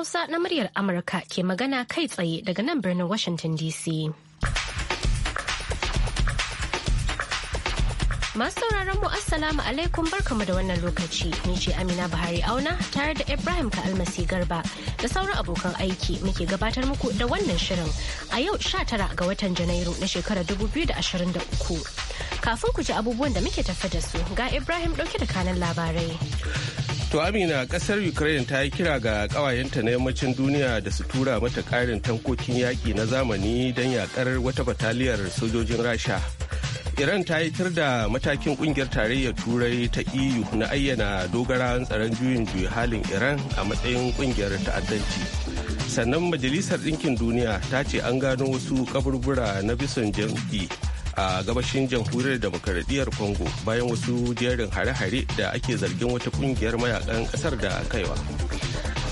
Hausa na muryar Amurka ke magana kai tsaye daga nan birnin Washington DC. Masu sauraron mu Assalamu alaikum barkamu da wannan lokaci. Ni ce Amina Buhari Auna tare da Ibrahim ka almasi Garba da sauran abokan aiki muke gabatar muku da wannan shirin a yau 19 ga watan Janairu na shekarar 2023. Kafin ku ji abubuwan da muke tafi da su ga Ibrahim dauke da kanan labarai. To Amina kasar Ukraine ta yi kira ga kawayenta na yammacin duniya da su tura mata ƙarin tankokin yaƙi na zamani don yaƙar wata bataliyar sojojin Rasha. Iran ta yi tur da matakin kungiyar tarayyar turai ta EU na ayyana dogara tsaron juyin juyi halin Iran a matsayin kungiyar ta'addanci. Sannan Majalisar Ɗinkin Duniya ta ce an gano wasu kaburbura na bisan jam'i a gabashin jamhuriyar demokaradiyyar congo bayan wasu jerin hare-hare da ake zargin wata kungiyar mayakan kasar da kaiwa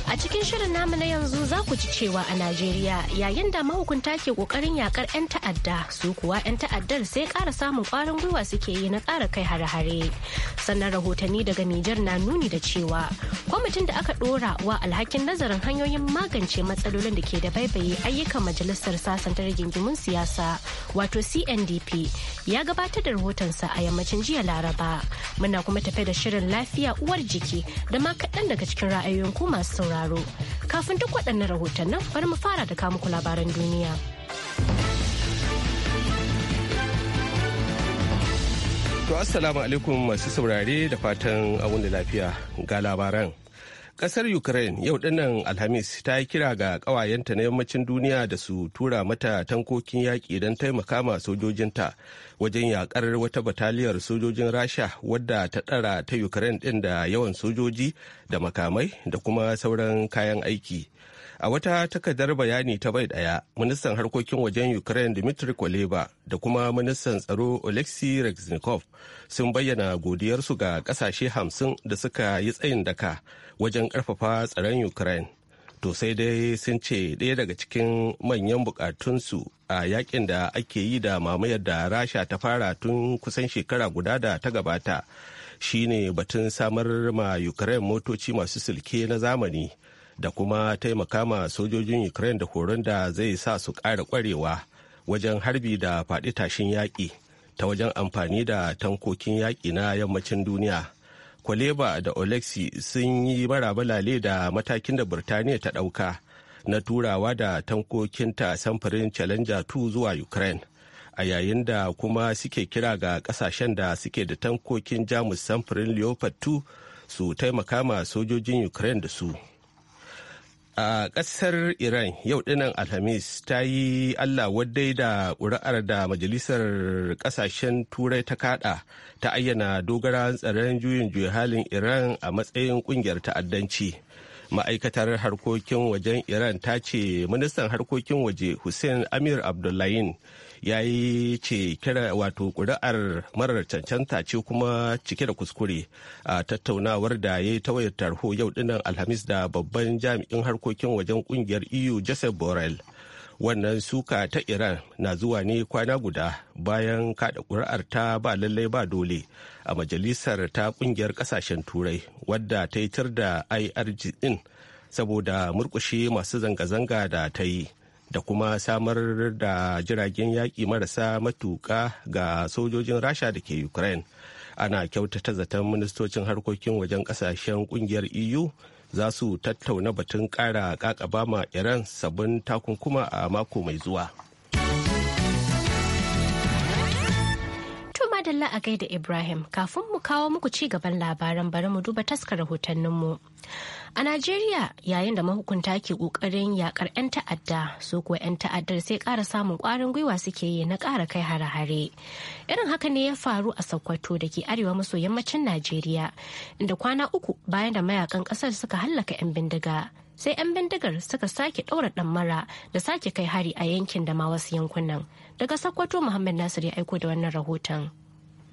A cikin shirin namu na yanzu za ku ji cewa a Najeriya yayin da mahukunta ke kokarin yakar 'yan ta'adda su kuwa 'yan ta'addar sai ƙara samun ƙwarin gwiwa suke yi na ƙara kai hare-hare. Sannan rahotanni daga Nijar na nuni da cewa kwamitin da aka ɗora wa alhakin nazarin hanyoyin magance matsalolin da ke da baibaye ayyukan majalisar sasanta rigingimun siyasa wato CNDP ya gabatar da rahotonsa a yammacin jiya Laraba. Muna kuma tafe da shirin lafiya uwar jiki da ma kaɗan daga cikin ra'ayoyin ku masu sauraro. sauraro. Kafin duk waɗannan rahotannin bari mu fara da kamuku labaran duniya. To Assalamu alaikum masu saurare da fatan abun da lafiya ga labaran. Kasar Ukraine yau dinnan Alhamis ta yi kira ga ƙawayenta na yammacin duniya da su tura mata tankokin yaƙi don taimaka ma sojojinta wajen yaƙar wata bataliyar sojojin Rasha wadda ta tsara ta Ukraine ɗin da yawan sojoji da makamai da kuma sauran kayan aiki. a wata takardar bayani ta bai daya ministan harkokin wajen ukraine dmitry kuleba da kuma ministan tsaro oleksiy reznikov sun bayyana godiyarsu ga kasashe hamsin da suka yi tsayin daka wajen karfafa tsaron ukraine to sai dai sun ce ɗaya daga cikin manyan bukatunsu a yakin da ake yi da mamayar da rasha ta fara tun kusan shekara guda da ta gabata shine batun samar ma ukraine motoci masu silke na zamani da kuma taimaka ma sojojin ukraine da horon da zai sa su ƙara ƙwarewa wajen harbi da faɗi tashin yaƙi ta wajen amfani da tankokin yaƙi na yammacin duniya kwaleba da olexi sun yi marabalale da matakin da birtaniya ta ɗauka na turawa da tankokinta samfurin challenger 2 zuwa ukraine a yayin da kuma suke kira ga kasashen da suke da tankokin jamus samfurin leopard 2 su taimaka ma sojojin ukraine da su a ƙasar iran yau dinan alhamis ta yi allah wadai da ƙuri'ar da majalisar ƙasashen turai ta kaɗa ta ayyana dogara tsaron juyin juya halin iran a matsayin ƙungiyar ta'addanci ma'aikatar harkokin wajen iran ta ce ministan harkokin waje hussein amir abdullahin ya yi ce kira wato ƙuri'ar marar cancanta ce kuma cike da kuskure a tattaunawar da ya yi ta tarho yau dinnan alhamis da babban jami'in harkokin wajen kungiyar eu joseph borrell wannan suka ta iran na zuwa ne kwana guda bayan kada kuri'ar ta ba lallai ba dole a majalisar ta kungiyar kasashen turai wadda ta yi tar da irg din saboda murkushe masu zanga-zanga da ta yi da kuma samar da jiragen yaƙi marasa matuƙa ga sojojin rasha da ke ukraine ana kyautata zaton ministocin harkokin wajen ƙasashen ƙungiyar eu za su tattauna batun ƙara ƙaƙabama iran sabbin takunkuma a mako mai zuwa madalla a gaida Ibrahim kafin mu kawo muku ci gaban labaran bari mu duba taskar rahotanninmu. A Najeriya yayin da mahukunta ke kokarin yakar 'yan ta'adda su kuwa 'yan ta'addar sai ƙara samun ƙwarin gwiwa suke yi na ƙara kai hare-hare. Irin haka ne ya faru a Sokoto da ke arewa maso yammacin Najeriya inda kwana uku bayan da mayakan ƙasar suka hallaka 'yan bindiga. sai 'yan bindigar suka sake ɗaura ɗammara da sake kai hari a yankin da ma wasu yankunan. Daga Sokoto Muhammad Nasir ya aiko da wannan rahoton.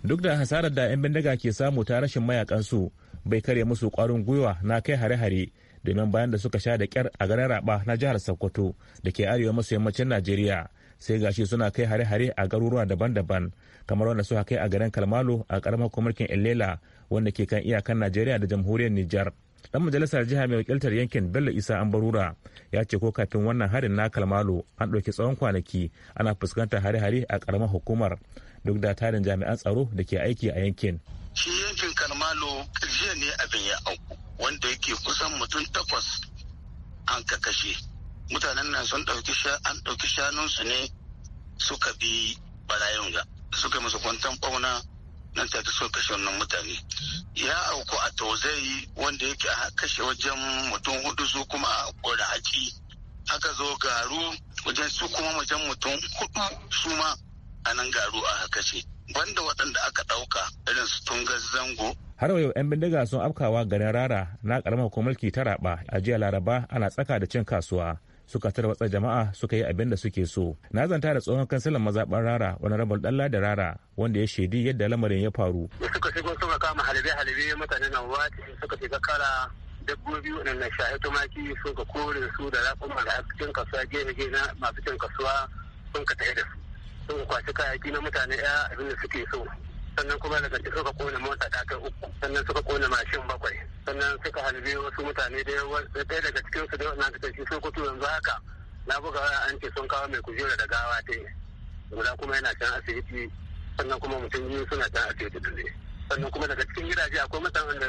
duk da hasarar da 'yan bindiga ke samu ta rashin mayakansu bai karya musu kwarin gwiwa na kai hare-hare domin bayan da suka sha da kyar a garin raba na jihar sokoto da ke arewa maso yammacin najeriya sai gashi suna kai hare-hare a garuruwa daban-daban kamar wanda suka kai a garin kalmalo a karamar kwamarkin elela wanda ke kan iyakan najeriya da jamhuriyar nijar dan majalisar jiha mai wakiltar yankin bello isa ambarura ya ce ko kafin wannan harin na kalmalo an ɗauki tsawon kwanaki ana fuskantar hare-hare a ƙaramar hukumar duk da tarin jami'an tsaro da ke aiki a yankin shi yankin kalmalo jiya ne abin ya auku wanda yake kusan mutum takwas an ka kashe mutanen nan sun ɗauki an ɗauki shanunsu ne suka bi barayin ga suka musu kwantan ɓauna nan ta ta suka kashe wannan mutane to zai yi wanda yake a kashe wajen mutum hudu su kuma a aka zo garu wajen su kuma wajen mutum hudu su ma a nan garu a kashe banda waɗanda aka ɗauka irin su tungar zango har yau 'yan bindiga sun afkawa garin rara na karamar mulki ta raba a jiya laraba ana tsaka da cin kasuwa suka tarwatsa jama'a suka yi abin da suke so na zanta da tsohon kansilan mazaɓar rara wani rabar dalla da rara wanda ya shaidi yadda lamarin ya faru suka shigo suka kama halibe halibe mutane na wati suka shiga kara dabbobi waɗannan shahi tumaki suka kore su da raƙuma da cikin kasuwa gefe gefe na masu cin kasuwa sun ka tafi da su sun kwashi kayaki na mutane ya abin da suke so sannan kuma daga ciki suka kone mota ta kai uku sannan suka kone mashin bakwai sannan suka halbe wasu mutane da ɗaya daga cikin su da wannan ta shi sun kutu yanzu haka na buga waya an ce sun kawo mai kujera da gawa ta guda kuma yana can asibiti sannan kuma mutum biyu suna can asibiti da sannan kuma daga cikin gidaje akwai mutanen da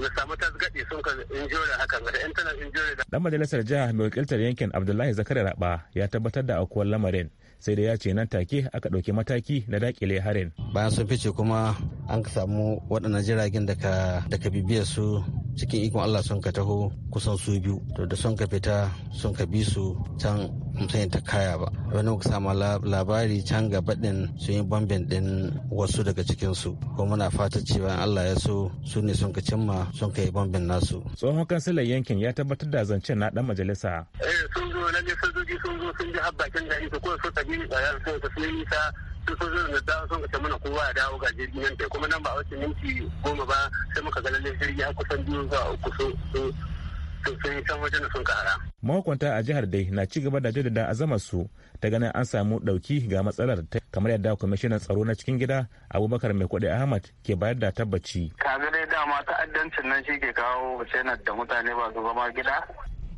da samu tasgaɗe sun ka injure hakan da injure da. Dan majalisar jiha mai wakiltar yankin Abdullahi Zakari Raba ya tabbatar da aukuwar lamarin sai da ya ce nan take aka ɗauki mataki na dakile harin. Bayan sun fice kuma an samu waɗannan jiragen daga ka bibiyar su cikin ikon Allah sun ka taho kusan su biyu to da sun ka fita sun ka bi su can mutum ta kaya ba wani muka samu labari can gaba din sun yi bambin din wasu daga cikin su ko muna fata cewa in Allah ya so su ne sun ka cimma sun ka yi bambin nasu tsohon kansilan yankin ya tabbatar da zancen na dan majalisa eh, sun zo na ji sun zo sun ji habbakin gari su ko su tabi da sun nisa su sun da dawo sun kace mana kowa ya dawo ga jirgin nan kuma nan ba wasu minti goma ba sai muka ga lallai jirgi har kusan biyu zuwa uku sun sun san wajen sun kara. Mahukunta a jihar dai na ci gaba da jaddada azamar su ta ganin an samu dauki ga matsalar kamar yadda kwamishinan tsaro na cikin gida Abubakar Mai Kuɗi Ahmad ke bayar da tabbaci. Kaga dai dama ta'addancin nan shi ke kawo cenar da mutane ba su zama gida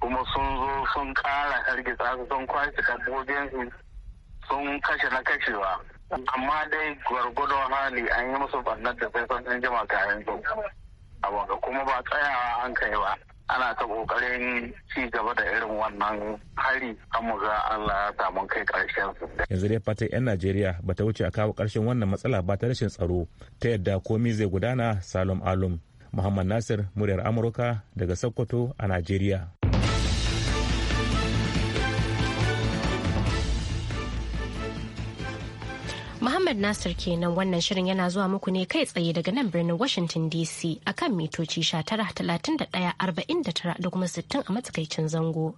kuma sun zo sun kara hargitsa sun kwashe dabbobin sun kashe na kashewa. amma dai gwargwadon hali an yi musu bannar da sai san jima kayan su abin kuma ba tsayawa an kai ba ana ta kokarin ci gaba da irin wannan hari mu ga Allah ya samu kai karshen su. Yanzu dai fatan 'yan Najeriya ba ta wuce a kawo karshen wannan matsala ba ta rashin tsaro ta yadda komi zai gudana Salom Alum. Muhammad Nasir muryar Amurka daga Sokoto a Najeriya. Muhammad Nasir kenan wannan shirin yana zuwa muku ne kai tsaye daga nan birnin Washington DC kan mitoci 19,31,49 da kuma 60 a matsakaicin zango.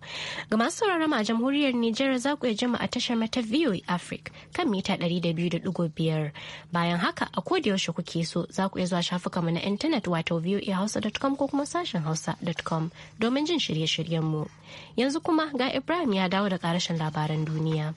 Ga masu sauraron a jamhuriyar Nijar za ku jima a tashar mata VOA Africa kan mita 200.5. Bayan haka a yaushe kuke so za ku iya zuwa shafukanmu na intanet wato voahausa.com ko kuma sashen hausa.com domin jin shirye-shiryenmu. Yanzu kuma ga Ibrahim ya dawo da karashin labaran duniya.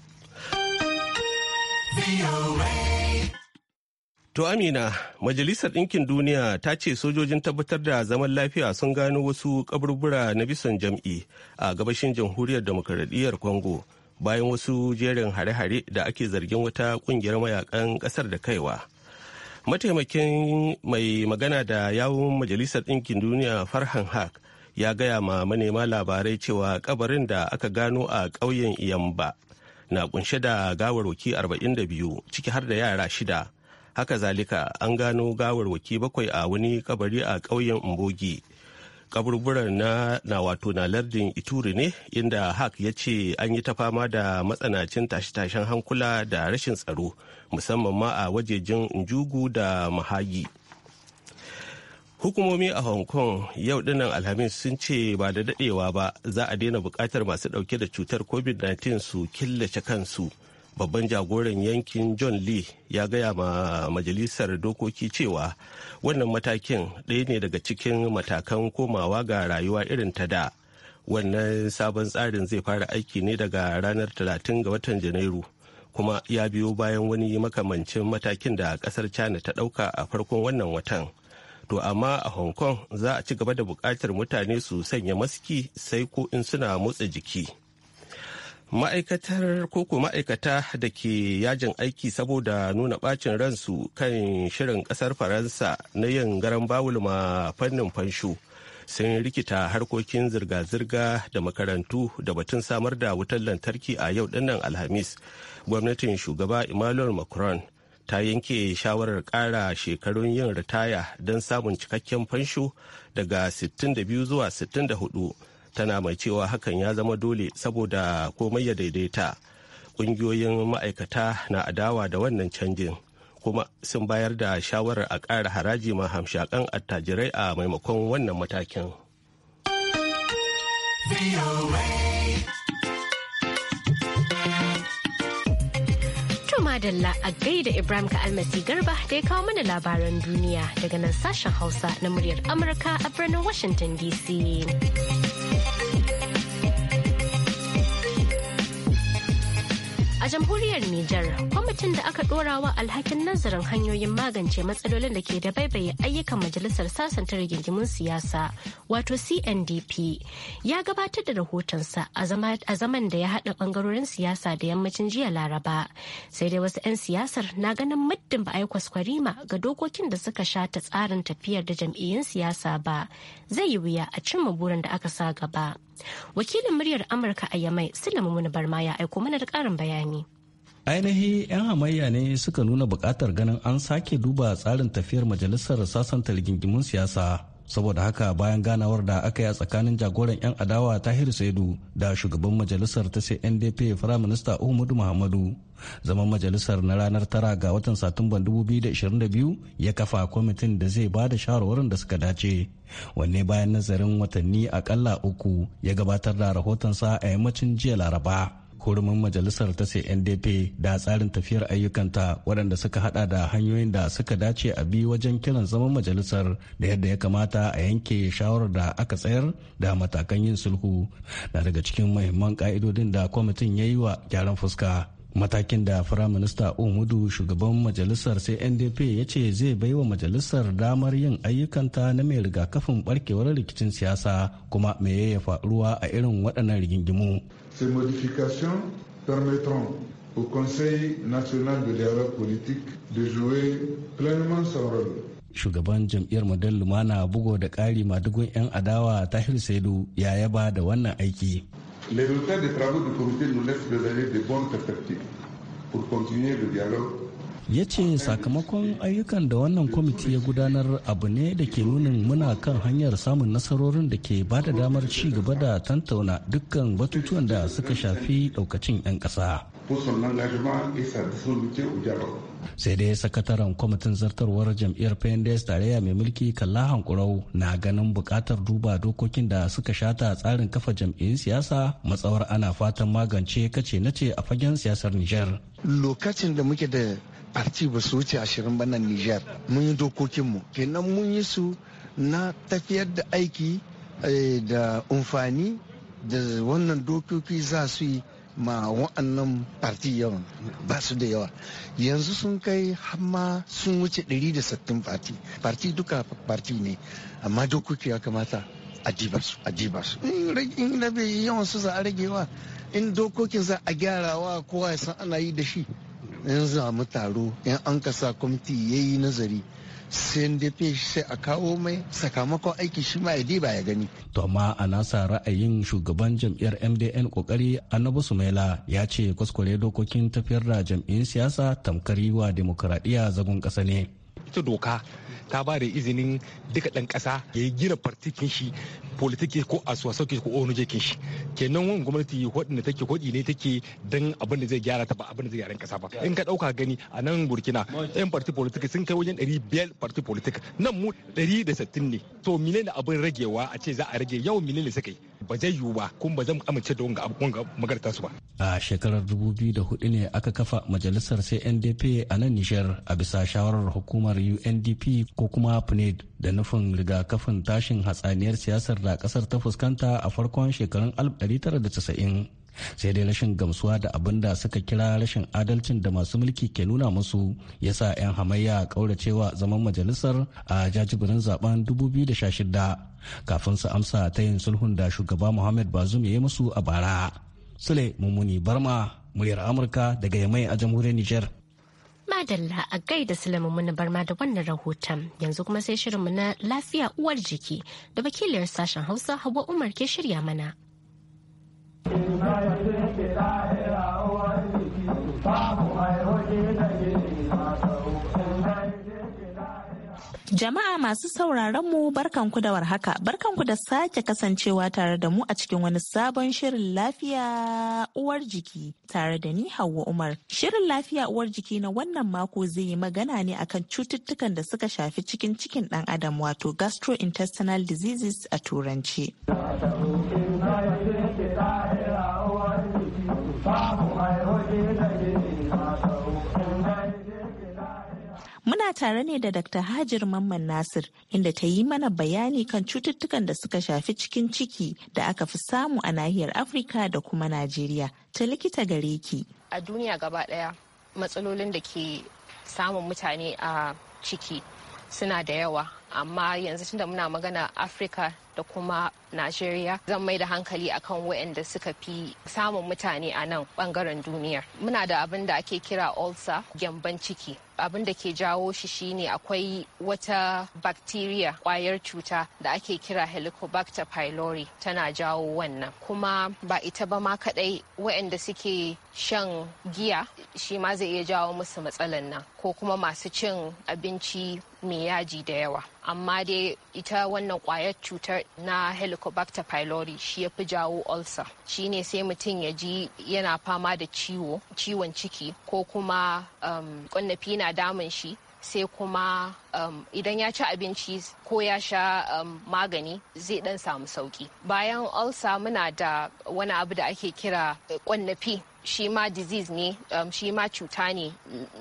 To Amina, Majalisar Ɗinkin Duniya ta ce sojojin tabbatar da zaman lafiya sun gano wasu kaburbura na bisan jam'i a gabashin jamhuriyar demokaradiyyar Congo bayan wasu jerin hare-hare da ake zargin wata ƙungiyar mayakan ƙasar da kaiwa. Mataimakin mai magana da yawun Majalisar Ɗinkin Duniya Farhan Haq ya gaya ma manema labarai cewa kabarin da aka gano a ƙauyen Iyamba na kunshe da gawarwaki 42 ciki har da yara shida haka zalika an gano gawarwaki bakwai a wani kabari a ƙauyen umbogi kaburburan na, na wato na lardin ituri ne inda hak ya ce an yi ta fama da matsanacin tashe-tashen hankula da rashin tsaro musamman ma a wajejen njugu da mahagi hukumomi a hong kong yau dinnan alhamis sun ce ba da dadewa ba za a daina bukatar masu dauke da cutar covid-19 su killace kansu babban jagoran yankin john lee ya gaya ma majalisar dokoki cewa wannan matakin ɗaya ne daga cikin matakan komawa ga rayuwa irin ta da wannan sabon tsarin zai fara aiki ne daga ranar 30 ga watan janairu kuma ya biyo bayan wani makamancin matakin da kasar china ta ɗauka a farkon wannan watan To amma a Hong Kong za a ci gaba da buƙatar mutane su sanya maski sai ko in suna motsa jiki. ma'aikatar koko ma'aikata da ke yajin aiki saboda nuna bacin ransu kan shirin ƙasar faransa na yin garan bawul ma fannin fansho sun rikita harkokin zirga-zirga da makarantu da batun samar da wutar lantarki a yau dinnan alhamis gwamnatin shugaba emmanuel macron ta yanke shawarar ƙara shekarun yin ritaya don samun cikakken fansho daga 62 zuwa 64 tana mai cewa hakan ya zama dole saboda komai ya daidaita ƙungiyoyin ma'aikata na adawa da wannan canjin kuma sun bayar da shawarar a ƙara haraji ma hamshakan attajirai a maimakon wannan matakin. dalla a gaida Ibrahim ka almasi garba da ya kawo mana labaran duniya daga nan sashen Hausa na muryar Amurka a birnin Washington DC. jamhuriyar Nijar, kwamitin da aka ɗorawa alhakin nazarin hanyoyin magance matsalolin da ke da baibaye ayyukan majalisar sasanta rigingimun siyasa wato CNDP ya gabatar da rahotonsa a zaman da ya haɗa ɓangarorin siyasa da yammacin jiya Laraba. Sai dai wasu 'yan siyasar na ganin muddin ba a yi kwaskwarima ga dokokin da suka sha ta tsarin tafiyar da jam'iyyun siyasa ba zai yi wuya a cimma burin da aka sa gaba. Wakilin muryar Amurka a Yamai Sulaimu Barma ya aiko mana da ƙarin bayani. ainihi 'yan hamayya ne suka nuna buƙatar ganin an sake duba tsarin tafiyar majalisar sasanta rigingimun siyasa saboda haka bayan ganawar da aka yi a tsakanin jagoran 'yan adawa tahir saidu da shugaban majalisar ta ndp Firaminista minista muhammadu zaman majalisar na ranar tara ga watan satumban 2022 ya kafa kwamitin da zai ba da shawarwarin da suka dace wanne bayan nazarin watanni akalla uku ya gabatar da rahotonsa a yammacin jiya laraba hurumin majalisar ta ce ndp da tsarin tafiyar ayyukanta waɗanda suka hada da hanyoyin da suka dace a bi wajen kiran zaman majalisar da yadda ya kamata a yanke shawarar da aka tsayar da matakan yin sulhu na daga cikin mahimman ka'idodin da kwamitin ya yi wa gyaran fuska matakin da minista umudu shugaban majalisar sai ndp ya ce zai bai wa majalisar damar yin ayyukanta na mai rigakafin barkewar rikicin siyasa kuma me ya faruwa a irin waɗannan rigingimu Ces modifications permettront au Conseil national de dialogue politique de jouer pleinement son rôle. Shugaban jam'iyyar Model Lumana bugo da ƙari madugun 'yan adawa Tahir Saidu ya yaba da wannan aiki. Les résultats des travaux du comité nous laissent de bonnes perspectives pour continuer le dialogue ya ce sakamakon ayyukan da wannan kwamiti ya gudanar abu ne da ke nunin muna kan hanyar samun nasarorin da ke ba da damar ci gaba da tantauna dukkan batutuwan da suka shafi daukacin 'yan kasa. sai dai sakataren kwamitin zartarwar jam'iyyar pnds tarayya mai mulki kalla hankurau na ganin bukatar duba dokokin da suka shata tsarin kafa jam'iyyun siyasa matsawar ana fatan magance kace nace a fagen siyasar niger lokacin da muke da parti ba su wuce ashirin ba nan Nijar mun yi dokokinmu kenan mun yi su na tafiyar da aiki eh, da umfani da wannan dokoki za su yi ma wa'annan parti yawan ba su da yawa yanzu sun kai hamma sun wuce 160 parti parti duka parti ne amma dokoki ya kamata a diba su in rabe yawan su za a ragewa in dokokin za a wa kowa ya san ana yi da shi in za mu taro in an kasa kwamiti ya yi nazari sai da sai a kawo mai sakamakon aiki shi ma ya ba ya gani. To amma a nasa ra'ayin shugaban jam'iyyar MDN kokari annabu Sumaila ya ce kwaskware dokokin tafiyar da jam'iyyun siyasa tamkar yi wa demokuraɗiyya zagon ƙasa ne. ita doka ta ba da izinin duka ɗan ƙasa ya yi gina partikin shi politiki ko a sauke ko wani jekin shi kenan wani gwamnati waɗanda take hodi ne take dan abin da zai gyara ta ba abin da zai gyara ƙasa ba in ka ɗauka gani a nan burkina yan parti politik sun kai wajen ɗari biyar parti politik nan mu ɗari da sittin ne to menene abin ragewa a ce za a rage yau menene suka yi ba zai yiwu ba kuma ba zan amince da wanga magana tasu ba. A shekarar dubu biyu da hudu ne aka kafa majalisar CNDP a nan Nijar a bisa shawarar hukumar UNDP ko kuma PNUD e da nufin rigakafin tashin hatsaniyar siyasar da kasar ta fuskanta a farkon shekarun da casa'in. sai dai rashin gamsuwa da abin da suka kira rashin adalcin da masu mulki ke nuna musu ya sa 'yan hamayya kauracewa zaman majalisar a jajibirin zaben 2016 kafin su amsa ta yin sulhun da shugaba muhammad bazum ya yi musu a bara sule mummuni barma muryar amurka daga yamai a jamhuriyar niger Madalla a gaida Sulaiman Muna Barma da wannan rahoton yanzu kuma sai shirinmu na lafiya uwar jiki da wakiliyar sashen Hausa Hauwa Umar ke shirya mana. Jama'a masu sauraron mu ku da warhaka, barkanku da sake kasancewa tare da mu a cikin wani sabon shirin lafiya uwar jiki tare da ni Hauwa Umar. Shirin lafiya uwar jiki na wannan mako zai yi magana ne akan cututtukan da suka shafi cikin cikin ɗan adam wato gastrointestinal diseases a turanci. Muna tare ne da Dr. Hajir Mamman Nasir inda ta yi mana bayani kan cututtukan da suka shafi cikin ciki da aka fi samu a nahiyar Afirka da kuma Najeriya ta likita gare ki. A duniya gaba daya matsalolin da ke samun mutane a ciki suna da yawa amma yanzu tunda muna magana Afirka da kuma Najeriya zan mai da hankali akan waɗanda suka fi samun mutane a nan bangaren duniya. Muna da abin da ake kira ulcer gyamban ciki. abin da ke jawo shi shine akwai wata bacteria kwayar cuta da ake kira helicobacter pylori tana jawo wannan kuma ba ita ba ma kaɗai waɗanda suke shan giya shi ma zai iya jawo musu matsalan nan ko kuma masu cin abinci mai yaji da yawa amma dai ita wannan kwayar cutar na helicobacter pylori shi ya fi jawo ulcer shi ne sai mutum ya ji yana fama da ciwo ciwon ciki ko kuma um, ƙwannafi na damun shi sai kuma um, idan ya ci abinci ko ya sha um, magani zai dan samu sauki bayan ulcer muna da wani abu da ake kira eh, ƙwannafi shi ma disease ne um, shi ma cuta ne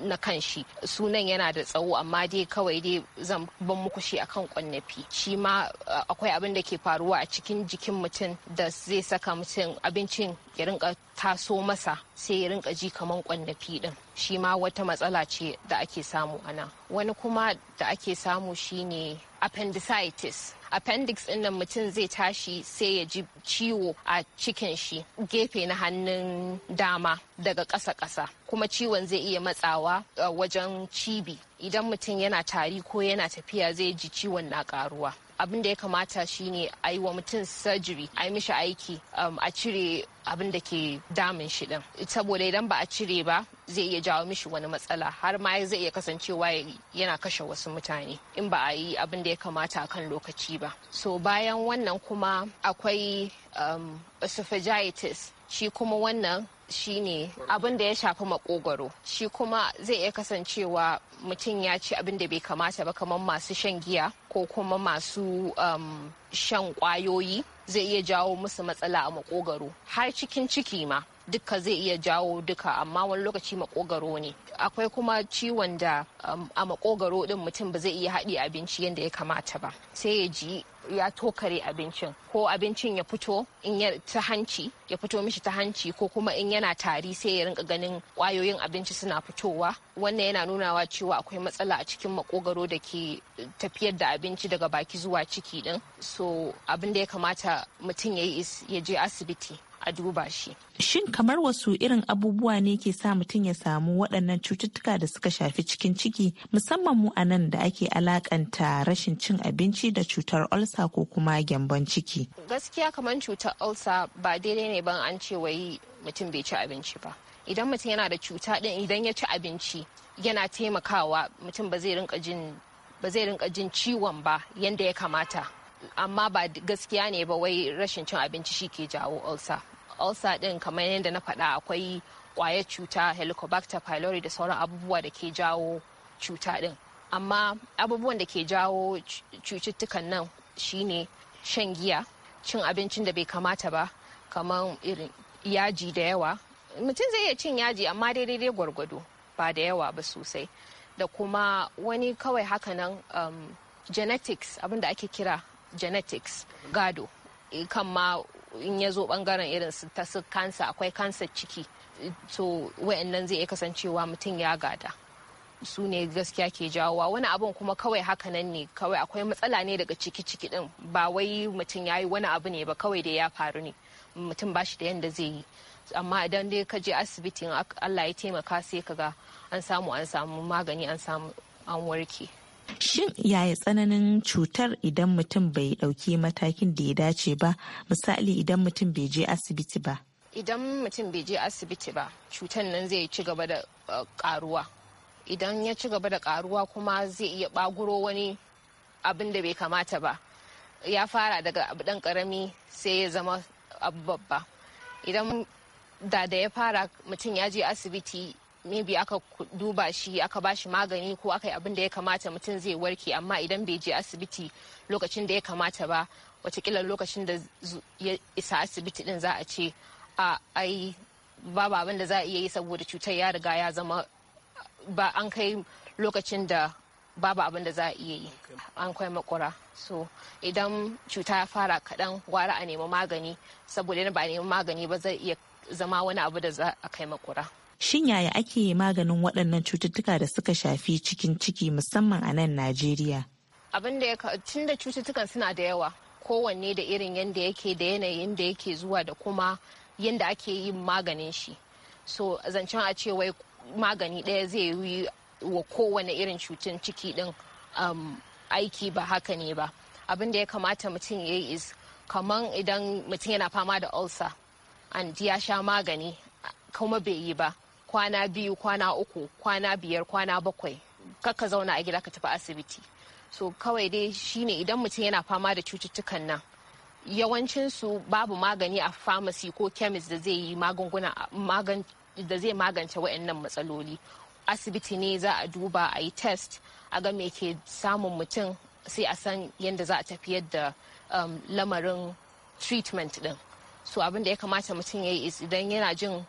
na kan shi sunan yana da tsawo amma dai kawai dai zan ban muku shi akan kwannafi shi ma uh, akwai abin da ke faruwa a cikin jikin mutum da zai saka mutum abincin ya rinka taso masa sai ya rinka ji kaman kwannafi din shi ma wata matsala ce da ake samu a nan wani kuma da ake samu shine appendicitis appendix din nan mutum zai tashi sai ya ji ciwo a cikin shi gefe na hannun dama daga ƙasa-ƙasa kuma ciwon zai iya matsawa uh, wajen cibi idan mutum yana tari ko yana tafiya zai ji ciwon na ƙaruwa abin da ya kamata shine a yi wa mutum surgery a yi mishi aiki um, a cire abin da ke damun shi din saboda idan ba a cire ba zai iya jawo mishi wani matsala har ma zai iya kasancewa yana kashe wasu mutane in ba a yi abin da ya kamata akan lokaci ba so bayan wannan kuma akwai um, esophagitis shi kuma wannan shi ne abin da ya shafi makogaro shi kuma zai iya kasancewa mutum ya ci abin da bai kamata ba kamar masu shan giya ko kuma masu um, shan kwayoyi zai iya jawo musu matsala a makogwaro har cikin ciki ma duka zai iya jawo duka amma wani lokaci makogaro ne akwai kuma ciwon da um, a makogaro din mutum ba zai iya haɗi abinci yadda ya kamata ba sai ya ji ya tokare abincin ko abincin ya fito in ya ta hanci ya fito mishi ta hanci ko kuma in yana tari sai ya rinka ganin kwayoyin abinci suna fitowa wannan yana nunawa cewa akwai matsala a cikin makogaro da ke tafiyar da abinci daga baki zuwa ciki din so abin da ya kamata mutum ya yi ya je asibiti a duba shi. Shin kamar wasu irin abubuwa ne ke sa mutum ya samu waɗannan cututtuka da suka shafi cikin ciki musamman mu a nan da ake alakanta rashin cin abinci da cutar ulsa ko kuma gyambon ciki? Gaskiya kamar cutar olsa ba daidai ne ban an ce wai mutum bai ci abinci ba. Idan mutum yana da cuta ɗin idan ya ci abinci yana taimakawa mutum ba zai rinka jin ba zai rinka jin ciwon ba yadda ya kamata amma ba gaskiya ne ba wai rashin cin abinci shi ke jawo ulcer ulsa din kamar yadda na faɗa akwai kwayar cuta helicobacter pylori da sauran abubuwa da ke jawo cuta din amma abubuwan da ke jawo cututtukan nan shine shan giya cin abincin da bai kamata ba kamar irin yaji da yawa mutum zai iya cin yaji amma daidai gwargwado ba da yawa ba sosai da kuma wani kawai hakanan um, genetics da ake kira genetics gado eh, kan ma in ya zo bangaren irin su ta su kansa akwai kansa ciki to nan zai iya kasancewa mutum ya gada su ne gaskiya ke jawowa wani abun kuma kawai haka nan ne kawai akwai matsala ne daga ciki ciki din ba wai mutum ya yi wani abu ne ba kawai da ya faru ne mutum ba shi da yadda zai yi amma idan dai ka je asibitin allah ya taimaka sai ka ga an samu an samu magani an samu an warke Shin yaya tsananin cutar idan mutum bai ɗauki matakin da ya dace ba, misali idan mutum bai je asibiti ba? Idan mutum bai je asibiti ba, cutar nan zai ci gaba da uh, ƙaruwa. Idan ya ci gaba da ƙaruwa kuma zai iya ɓaguro wani abin da bai kamata ba. Ya fara daga abu ɗan ƙarami sai ya zama abu babba. Idan da da ya fara mutum ya je asibiti maybe aka duba shi aka bashi magani ko aka yi abin da ya kamata mutum zai warke amma idan bai je asibiti lokacin da ya kamata ba watakila lokacin da ya isa asibiti din za a ce a ai babu abin da za a iya yi saboda cutar ya riga ya zama ba an kai lokacin da babu abin da za a iya yi an kai makura so idan cuta ya fara kaɗan gwara a nemi magani saboda ba a nemi magani ba zai iya zama wani abu da za a kai makura Shin yaya ake maganin waɗannan cututtuka da suka shafi cikin ciki musamman a nan Najeriya? Abin da ya tun da cututtukan suna da yawa kowanne da irin yadda yake da yanayin da yake zuwa da kuma yadda ake yin maganin shi. So zancen a ce wai magani ɗaya zai yi wa kowane irin cutin ciki ɗin um, aiki ba haka ne ba. Abin da ya kamata mutum ya yi is kaman idan mutum yana fama da ulcer and ya sha magani kuma bai yi ba kwana biyu kwana uku kwana biyar kwana bakwai kaka zauna a gida ka tafi asibiti so kawai dai shine idan mutum yana fama da cututtukan nan yawancinsu babu magani a famasi ko kemis da zai yi magunguna da zai magance waɗannan matsaloli asibiti ne za a duba a yi test a ga me ke samun mutum sai a san yadda za a tafiyar da um, lamarin treatment din so abin da ya kamata mutum ya yi idan yana jin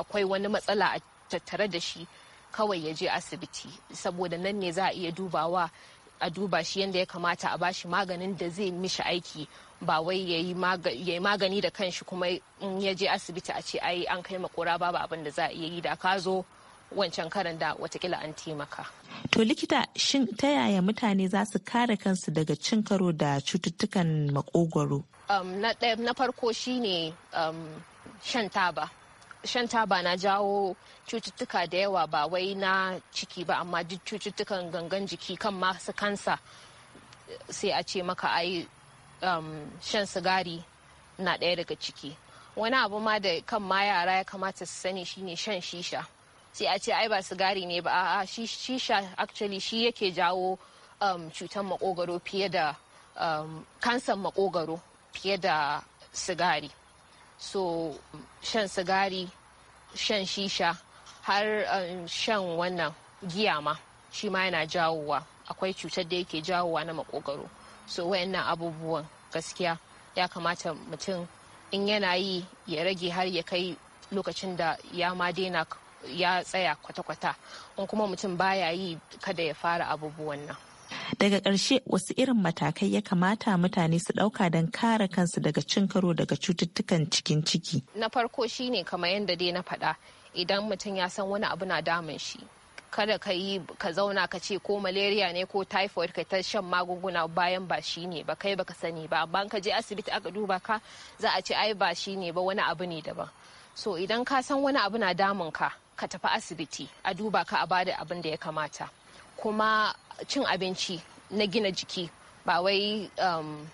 akwai wani matsala a tattare da shi kawai ya je asibiti saboda nan ne za a iya dubawa a duba shi yadda ya kamata a bashi maganin da zai mishi aiki ba wai ya yi magani da kanshi kuma in ya je asibiti a ce ai an kai makora babu abin da za a iya yi da ka zo wancan karan da watakila an taimaka. To likita shin ta yaya mutane za su kare kansu daga cin karo da cututtukan makogwaro? Um, na, farko shine um, shan taba. shan taba na jawo cututtuka da yawa ba wai na ciki ba amma duk cututtukan gangan jiki kan masu kansa sai a ce maka ai um, shan sigari na ɗaya daga ciki wani abu ma da kan ma yara ya kamata su sani shine shan shisha sai a ce ai ba sigari ne ba a'a shisha actually shi yake jawo um, cutar makogaro fiye da um, kansan makogaro fiye da sigari so shan sigari shan shisha har um, shan wannan giya ma shi ma yana jawowa akwai cutar da yake jawowa na makogaro so wayannan abubuwan gaskiya ya kamata mutum in yana yi ya rage har ya kai lokacin da ya ma daina ya tsaya kwata-kwata in kuma mutum baya yi kada ya fara abubuwan nan Daga karshe wasu irin matakai ya kamata mutane su ɗauka don kare kansu daga cin karo daga cututtukan cikin ciki. Na farko shine kamar yadda dai na faɗa idan mutum ya san wani abu na damun shi. Kada ka yi ka zauna ka ce ko malaria ne ko typhoid ka ta shan magunguna bayan ba shi ne ba kai baka sani ba amma ka je asibiti aka duba ka za a ce ai ba shi ne ba wani abu ne daban. So idan ka san wani abu na damun ka ka tafi asibiti a duba ka a bada abin da ya kamata. Kuma cin abinci na gina jiki ba wai um,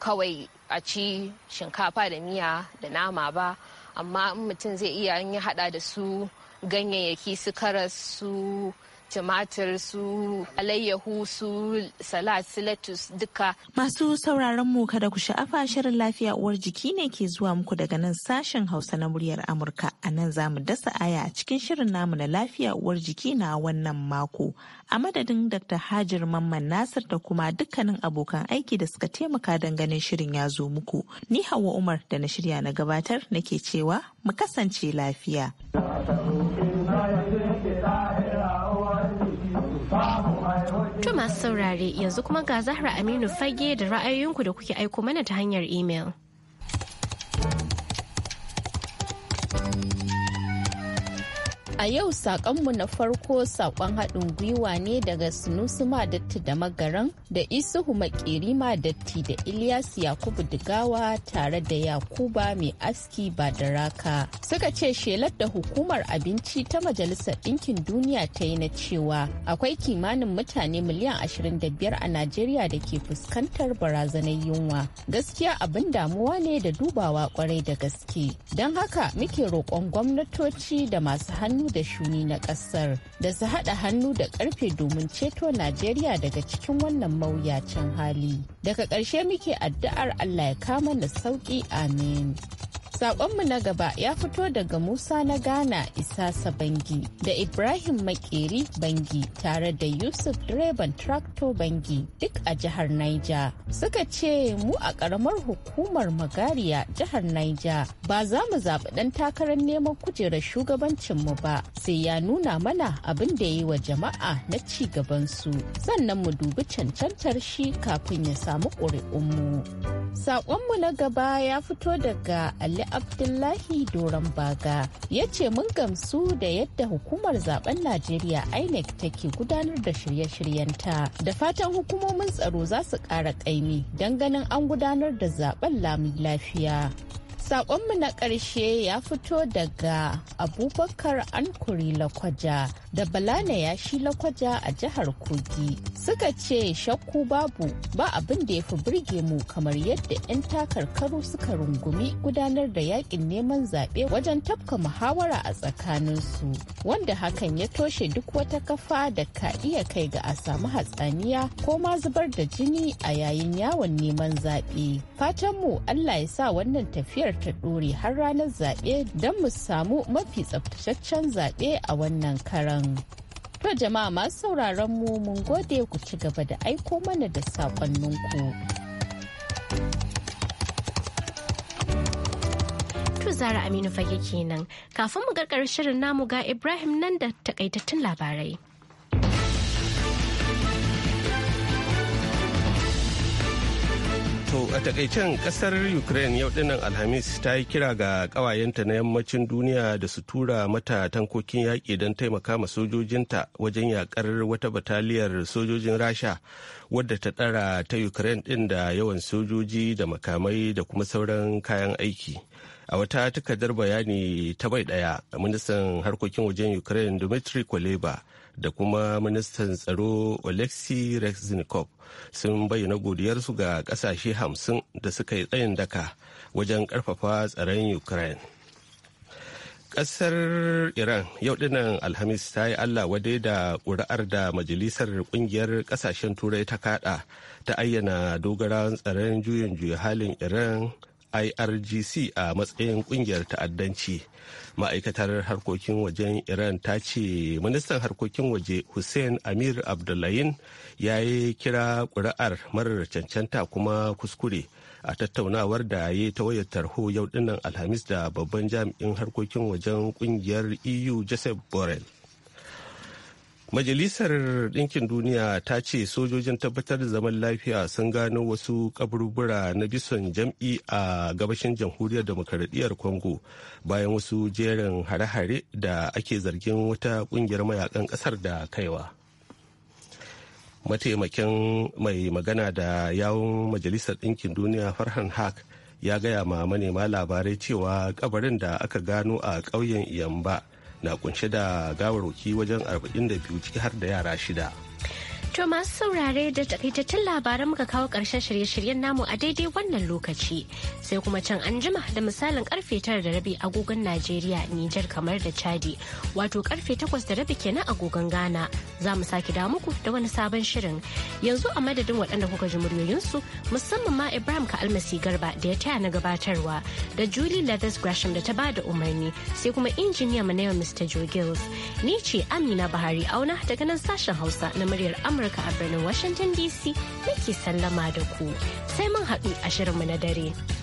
kawai a ci shinkafa da miya da nama ba amma mutum zai iya yi hada da su ganyayyaki su karas su tumatir su alayyahu su salad su lettuce duka. Masu sauraron mu kada ku sha'afa shirin lafiya uwar jiki ne ke zuwa muku daga nan sashen Hausa na muryar Amurka. A nan za mu dasa aya a cikin shirin namu na lafiya uwar jiki na wannan mako. A madadin Dr. Hajar Mamman Nasir da kuma dukkanin abokan aiki da suka taimaka don ganin shirin ya zo muku. Ni Hauwa Umar da na shirya na gabatar nake cewa mu kasance lafiya. masu saurare yanzu kuma ga Zahra Aminu fage da ra'ayoyinku da kuke aiko mana ta hanyar imel. A yau sakonmu na farko saƙon haɗin gwiwa ne daga Sunusuma Datti da Magaran da Isuhu ma Datti da Ilyas Yakubu Digawa tare da Yakuba mai aski ba da raka. Suka ce shelar da hukumar abinci ta Majalisar Ɗinkin Duniya ta yi na cewa akwai kimanin mutane miliyan 25 a Najeriya da ke fuskantar barazanar yunwa. Gaskiya abin damuwa ne da dubawa kwarai da gaske. Don haka muke roƙon gwamnatoci da masu hannu hannu da shuni na kasar da su haɗa hannu da ƙarfe domin ceto Najeriya daga cikin wannan mawuyacin hali. Daga ƙarshe muke addu'ar Allah ya kama na sauƙi amin. Sakonmu na gaba ya fito daga Musa na Ghana isasa bangi da Ibrahim Makeri Bangi tare da Yusuf direban Tractor Bangi duk a jihar Naija. Suka ce mu a ƙaramar hukumar Magariya jihar Naija ba za mu zaɓi ɗan takarar neman kujerar shugabancinmu ba sai ya nuna mana abin da ya yi wa jama'a na ci gabansu sannan mu dubi cancantar shi kafin ya samu ƙuri'unmu. Sakonmu na gaba ya fito daga Ali Abdullahi Doron Baga ya ce mun gamsu da yadda hukumar zaben Najeriya INEC take gudanar da shirye-shiryenta da fatan hukumomin tsaro za su ƙara ƙaimi don ganin an gudanar da zaben lamun lafiya. Sakonmu na ƙarshe ya fito daga Abubakar Ankuri Lakwaja da Balana Yashi Lakwaja a jihar Kogi. Suka ce shakku babu ba abin da ya fi birge mu kamar yadda 'yan takarkaru suka rungumi gudanar da yakin neman zaɓe wajen tafka muhawara a tsakaninsu. Wanda hakan ya toshe duk wata kafa da ka iya kai ga a samu hatsaniya ko ma zubar da jini a yayin yawon neman zaɓe. Fatanmu Allah ya sa wannan tafiyar ƙasar ta ɗore har ranar zaɓe don mu samu mafi tsaftataccen zaɓe a wannan karan. To jama'a masu sauraron mu mun gode ku ci gaba da aiko mana da saƙonninku. To Zara Aminu fage kenan kafin mu karkar shirin namu ga Ibrahim nan da takaitattun labarai. To a takaicen kasar Ukraine yau dinnan Alhamis ta yi kira ga kawayenta na yammacin duniya da su tura mata tankokin yaƙi don taimaka ma sojojinta wajen yaƙar wata bataliyar sojojin Rasha wadda ta ɗara ta Ukraine ɗin da yawan sojoji da makamai da kuma sauran kayan aiki. A wata takardar bayani ta bai ɗaya, a ministan harkokin wajen Ukraine Dmitry Kuleba da kuma ministan tsaro Oleksiy Reznikov sun bayyana godiyarsu ga kasashe hamsin da suka yi tsayin daka wajen karfafa tsaron Ukraine. Ƙasar Iran yau dinan Alhamis ta yi Allah wadai da ƙuri'ar da Majalisar Ƙungiyar Ƙasashen Turai ta kaɗa ta ayyana dogara tsaron juyin juya halin Iran irgc a matsayin kungiyar ta'addanci ma'aikatar harkokin wajen iran ta ce ministan harkokin waje hussein amir abdullahin ya yi kira ƙuri'ar marar cancanta kuma kuskure a tattaunawar da ya ta wayar tarho yau dinnan alhamis da babban jami'in harkokin wajen kungiyar eu joseph borrell Majalisar Ɗinkin Duniya ta ce sojojin tabbatar da zaman lafiya sun gano wasu kaburbura na bison jam'i a gabashin jamhuriyar demokaradiyyar Congo bayan wasu jerin hare-hare da ake zargin wata ƙungiyar mayakan ƙasar da kaiwa. Mataimakin mai magana da yawun Majalisar Ɗinkin Duniya Farhan Haq ya gaya ma manema labarai cewa kabarin da aka gano a ƙauyen Iyamba. na kunshe da gawarwaki wajen 42 ciki har da yara shida To masu saurare da takaitaccen labaran muka kawo ƙarshen shirye-shiryen namu a daidai wannan lokaci sai kuma can an jima da misalin karfe tara da rabi agogon Najeriya Nijar kamar da Chadi wato karfe takwas da rabi kenan agogon Ghana za mu sake da muku da wani sabon shirin yanzu a madadin waɗanda kuka ji muryoyinsu musamman ma Ibrahim ka almasi garba da ya taya na gabatarwa da Julie Leathers Gresham da ta ba da umarni sai kuma injiniya mu na yau Mr. Joe Gills ni ce Amina Bahari Auna daga nan sashen Hausa na muryar Amurka. Amurka a birnin Washington DC muke sallama da ku sai mun haɗu a shirinmu na dare.